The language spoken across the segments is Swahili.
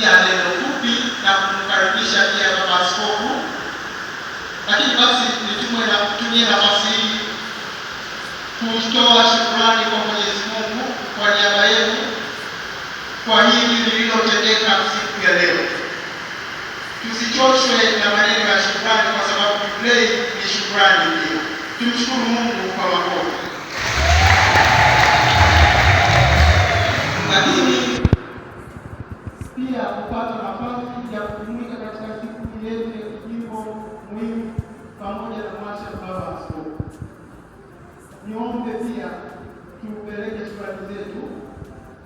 pia neno fupi na kumkaribisha pia baba askofu, lakini basi nitumwe na kutumia nafasi hii kutoa shukrani kwa Mwenyezi Mungu kwa niaba yenu kwa hili lililotendeka siku ya leo. Tusichoshwe na maneno ya shukrani, kwa sababu Jubilei ni shukrani pia. Tumshukuru Mungu kwa makofi.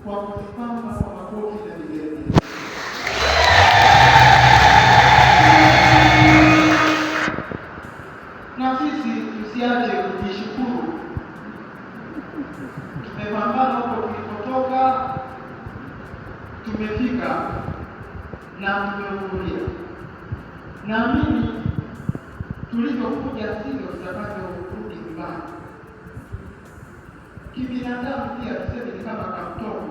kwa kujipamba kwa magoti na mijeledi. Na sisi tusiache kujishukuru, tumepambana huko tulipotoka, tumefika na tumehudhuria. Naamini tulivyokuja sivyo tutakavyorudi nyumbani. Kibinadamu pia tuseme ni kama kamtoko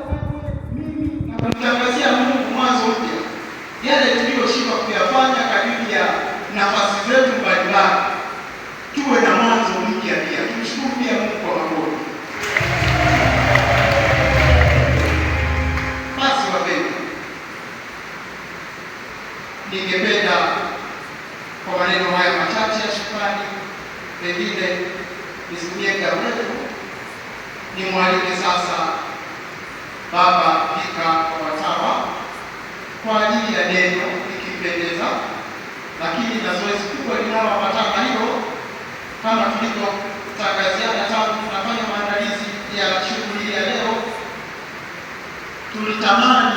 ningependa kwa maneno haya machache ya shukrani, pengine nisitumie muda mrefu, nimwalike sasa Baba pika kwa Watawa kwa ajili ya neno ikipendeza lakini na zoezi kubwa linalowapataka hilo, kama tulivyotangaziana tangu tunafanya maandalizi ya shughuli ya leo, tulitamani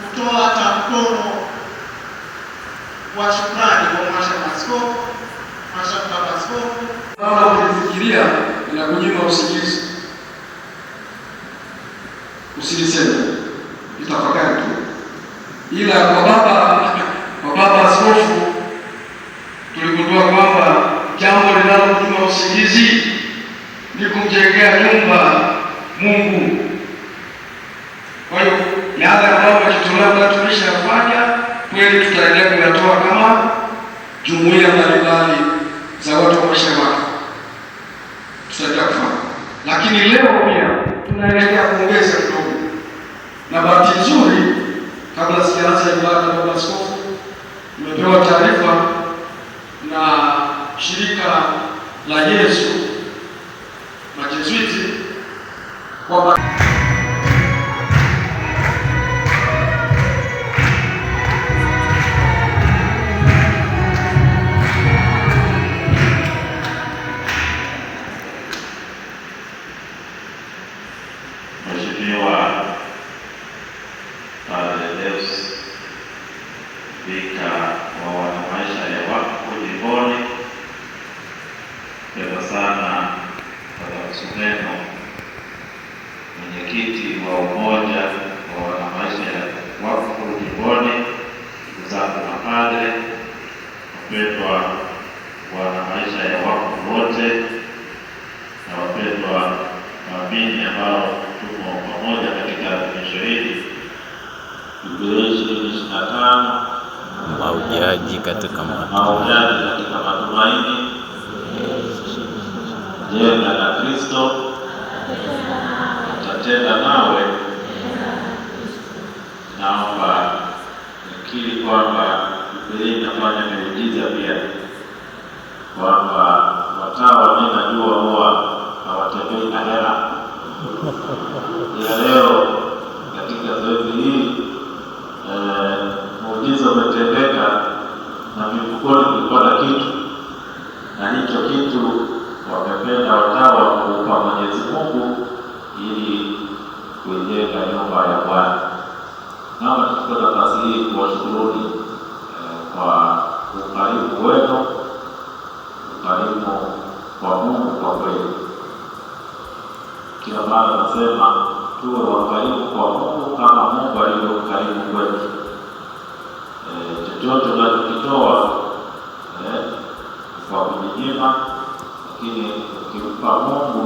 kutoa tamkono wa shukrani kwa Mhashamu Askofu, Mhashamu Baba Askofu. Kama ukifikiria inakunyima usingizi, usiliseme, itafakari tu, ila kwa baba kwa baba askofu tuligundua kwamba jambo linalomnyima usingizi ni kumjengea nyumba Mungu. tunaendelea kuongeza kidogo, na bahati nzuri, kabla sijaanza ibada, baba askofu, nimepewa taarifa na shirika la Yesu majezwiti kwamba Spika wa wana maisha ya Wakfu jimboni pema sana Atamsumeno, mwenyekiti wa umoja wa wana maisha ya Wakfu jimboni, ndugu zangu mapadre, wapendwa maisha ya Wakfu wote na wapendwa waamini ambao tumo pamoja katika adhimisho hili, ndugu ishirini na tano maujaji katika katika matumaini. Jenda na Kristo utatenda nawe. Naomba nikiri kwamba Biblia inafanya miujiza pia, kwamba watawa mimi najua kuijenga nyumba ya Bwana. Naomba tuchukue nafasi hii kuwashukuruni kwa ukarimu wenu, ukarimu kwa Mungu. Kwa kweli, kila mara nasema tuwe wakarimu kwa Mungu kama Mungu alivyo karimu kwetu. Chochote unachokitoa kwa kujinyima, lakini ukimpa Mungu